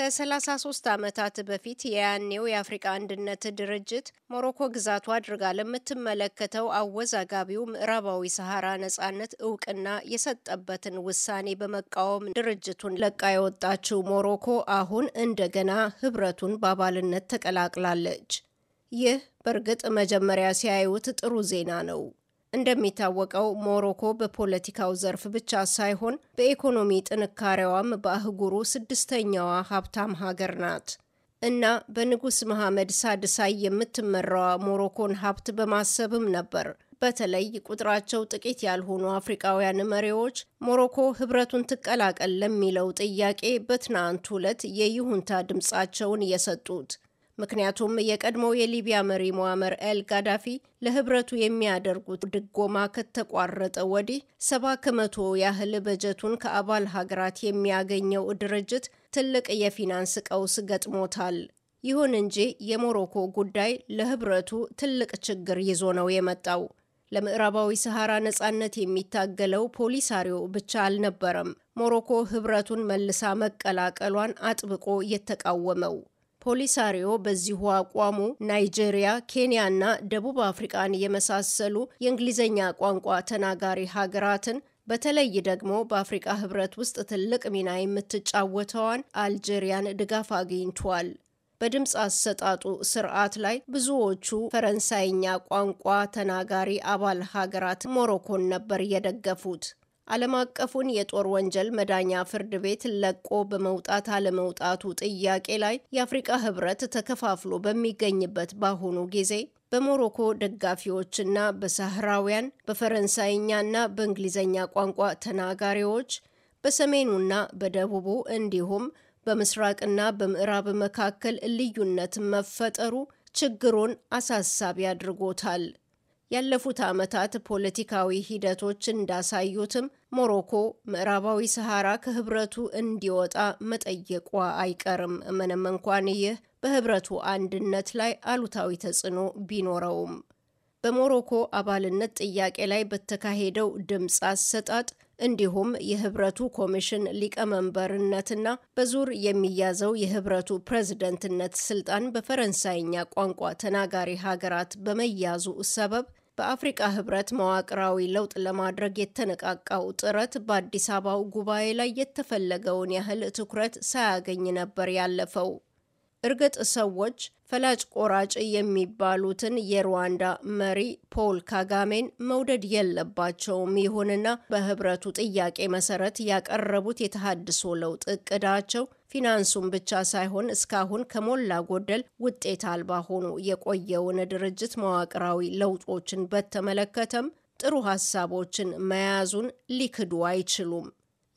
ከ33 ዓመታት በፊት የያኔው የአፍሪቃ አንድነት ድርጅት ሞሮኮ ግዛቷ አድርጋ ለምትመለከተው አወዛጋቢው ምዕራባዊ ሰሐራ ነጻነት እውቅና የሰጠበትን ውሳኔ በመቃወም ድርጅቱን ለቃ የወጣችው ሞሮኮ አሁን እንደገና ህብረቱን በአባልነት ተቀላቅላለች። ይህ በእርግጥ መጀመሪያ ሲያዩት ጥሩ ዜና ነው። እንደሚታወቀው ሞሮኮ በፖለቲካው ዘርፍ ብቻ ሳይሆን በኢኮኖሚ ጥንካሬዋም በአህጉሩ ስድስተኛዋ ሀብታም ሀገር ናት እና በንጉሥ መሐመድ ሳድሳይ የምትመራዋ ሞሮኮን ሀብት በማሰብም ነበር በተለይ ቁጥራቸው ጥቂት ያልሆኑ አፍሪካውያን መሪዎች ሞሮኮ ህብረቱን ትቀላቀል ለሚለው ጥያቄ በትናንት ዕለት የይሁንታ ድምፃቸውን የሰጡት ምክንያቱም የቀድሞው የሊቢያ መሪ ሙአመር ኤል ጋዳፊ ለህብረቱ የሚያደርጉት ድጎማ ከተቋረጠ ወዲህ ሰባ ከመቶ ያህል በጀቱን ከአባል ሀገራት የሚያገኘው ድርጅት ትልቅ የፊናንስ ቀውስ ገጥሞታል። ይሁን እንጂ የሞሮኮ ጉዳይ ለህብረቱ ትልቅ ችግር ይዞ ነው የመጣው። ለምዕራባዊ ሰሐራ ነጻነት የሚታገለው ፖሊሳሪዮ ብቻ አልነበረም ሞሮኮ ህብረቱን መልሳ መቀላቀሏን አጥብቆ የተቃወመው። ፖሊሳሪዮ በዚሁ አቋሙ ናይጄሪያ፣ ኬንያ ና ደቡብ አፍሪቃን የመሳሰሉ የእንግሊዝኛ ቋንቋ ተናጋሪ ሀገራትን በተለይ ደግሞ በአፍሪቃ ህብረት ውስጥ ትልቅ ሚና የምትጫወተዋን አልጄሪያን ድጋፍ አግኝቷል። በድምፅ አሰጣጡ ስርዓት ላይ ብዙዎቹ ፈረንሳይኛ ቋንቋ ተናጋሪ አባል ሀገራት ሞሮኮን ነበር የደገፉት። ዓለም አቀፉን የጦር ወንጀል መዳኛ ፍርድ ቤት ለቆ በመውጣት አለመውጣቱ ጥያቄ ላይ የአፍሪቃ ህብረት ተከፋፍሎ በሚገኝበት በአሁኑ ጊዜ በሞሮኮ ደጋፊዎችና በሳህራውያን በፈረንሳይኛና በእንግሊዝኛ ቋንቋ ተናጋሪዎች በሰሜኑና በደቡቡ እንዲሁም በምስራቅና በምዕራብ መካከል ልዩነት መፈጠሩ ችግሩን አሳሳቢ አድርጎታል። ያለፉት ዓመታት ፖለቲካዊ ሂደቶች እንዳሳዩትም ሞሮኮ ምዕራባዊ ሰሐራ ከህብረቱ እንዲወጣ መጠየቋ አይቀርም ምንም እንኳን ይህ በህብረቱ አንድነት ላይ አሉታዊ ተጽዕኖ ቢኖረውም። በሞሮኮ አባልነት ጥያቄ ላይ በተካሄደው ድምፅ አሰጣጥ እንዲሁም የህብረቱ ኮሚሽን ሊቀመንበርነትና በዙር የሚያዘው የህብረቱ ፕሬዝደንትነት ስልጣን በፈረንሳይኛ ቋንቋ ተናጋሪ ሀገራት በመያዙ ሰበብ በአፍሪቃ ህብረት መዋቅራዊ ለውጥ ለማድረግ የተነቃቃው ጥረት በአዲስ አበባው ጉባኤ ላይ የተፈለገውን ያህል ትኩረት ሳያገኝ ነበር ያለፈው። እርግጥ ሰዎች ፈላጭ ቆራጭ የሚባሉትን የሩዋንዳ መሪ ፖል ካጋሜን መውደድ የለባቸውም። ይሁንና በህብረቱ ጥያቄ መሰረት ያቀረቡት የተሃድሶ ለውጥ እቅዳቸው ፊናንሱን ብቻ ሳይሆን እስካሁን ከሞላ ጎደል ውጤት አልባ ሆኖ የቆየውን ድርጅት መዋቅራዊ ለውጦችን በተመለከተም ጥሩ ሀሳቦችን መያዙን ሊክዱ አይችሉም።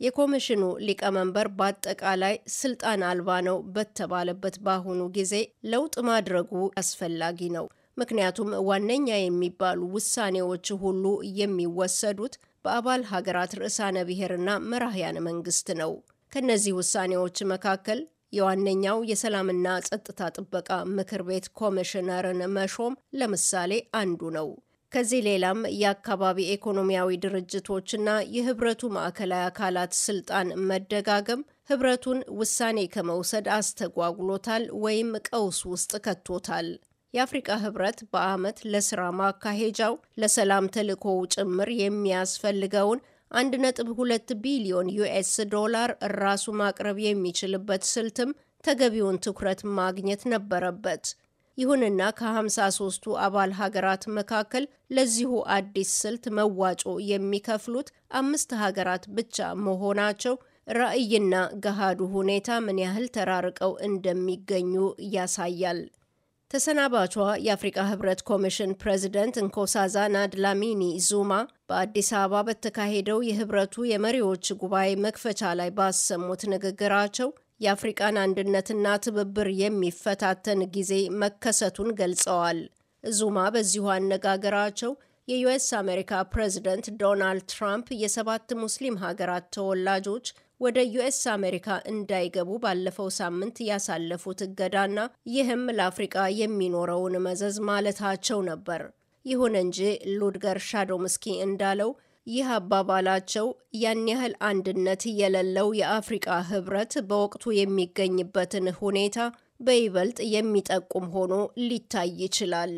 የኮሚሽኑ ሊቀመንበር በአጠቃላይ ስልጣን አልባ ነው በተባለበት በአሁኑ ጊዜ ለውጥ ማድረጉ አስፈላጊ ነው። ምክንያቱም ዋነኛ የሚባሉ ውሳኔዎች ሁሉ የሚወሰዱት በአባል ሀገራት ርዕሳነ ብሔርና መራህያን መንግስት ነው። ከነዚህ ውሳኔዎች መካከል የዋነኛው የሰላምና ጸጥታ ጥበቃ ምክር ቤት ኮሚሽነርን መሾም ለምሳሌ አንዱ ነው። ከዚህ ሌላም የአካባቢ ኢኮኖሚያዊ ድርጅቶችና የህብረቱ ማዕከላዊ አካላት ስልጣን መደጋገም ህብረቱን ውሳኔ ከመውሰድ አስተጓጉሎታል ወይም ቀውስ ውስጥ ከቶታል። የአፍሪቃ ህብረት በአመት ለስራ ማካሄጃው ለሰላም ተልእኮው ጭምር የሚያስፈልገውን 1.2 ቢሊዮን ዩኤስ ዶላር ራሱ ማቅረብ የሚችልበት ስልትም ተገቢውን ትኩረት ማግኘት ነበረበት። ይሁንና ከ53ቱ አባል ሀገራት መካከል ለዚሁ አዲስ ስልት መዋጮ የሚከፍሉት አምስት ሀገራት ብቻ መሆናቸው ራዕይና ገሃዱ ሁኔታ ምን ያህል ተራርቀው እንደሚገኙ ያሳያል። ተሰናባቿ የአፍሪቃ ህብረት ኮሚሽን ፕሬዚደንት እንኮሳዛና ድላሚኒ ዙማ በአዲስ አበባ በተካሄደው የህብረቱ የመሪዎች ጉባኤ መክፈቻ ላይ ባሰሙት ንግግራቸው የአፍሪቃን አንድነትና ትብብር የሚፈታተን ጊዜ መከሰቱን ገልጸዋል። ዙማ በዚሁ አነጋገራቸው የዩኤስ አሜሪካ ፕሬዝደንት ዶናልድ ትራምፕ የሰባት ሙስሊም ሀገራት ተወላጆች ወደ ዩኤስ አሜሪካ እንዳይገቡ ባለፈው ሳምንት ያሳለፉት እገዳና ይህም ለአፍሪቃ የሚኖረውን መዘዝ ማለታቸው ነበር። ይሁን እንጂ ሉድገር ሻዶምስኪ እንዳለው ይህ አባባላቸው ያን ያህል አንድነት የሌለው የአፍሪቃ ህብረት በወቅቱ የሚገኝበትን ሁኔታ በይበልጥ የሚጠቁም ሆኖ ሊታይ ይችላል።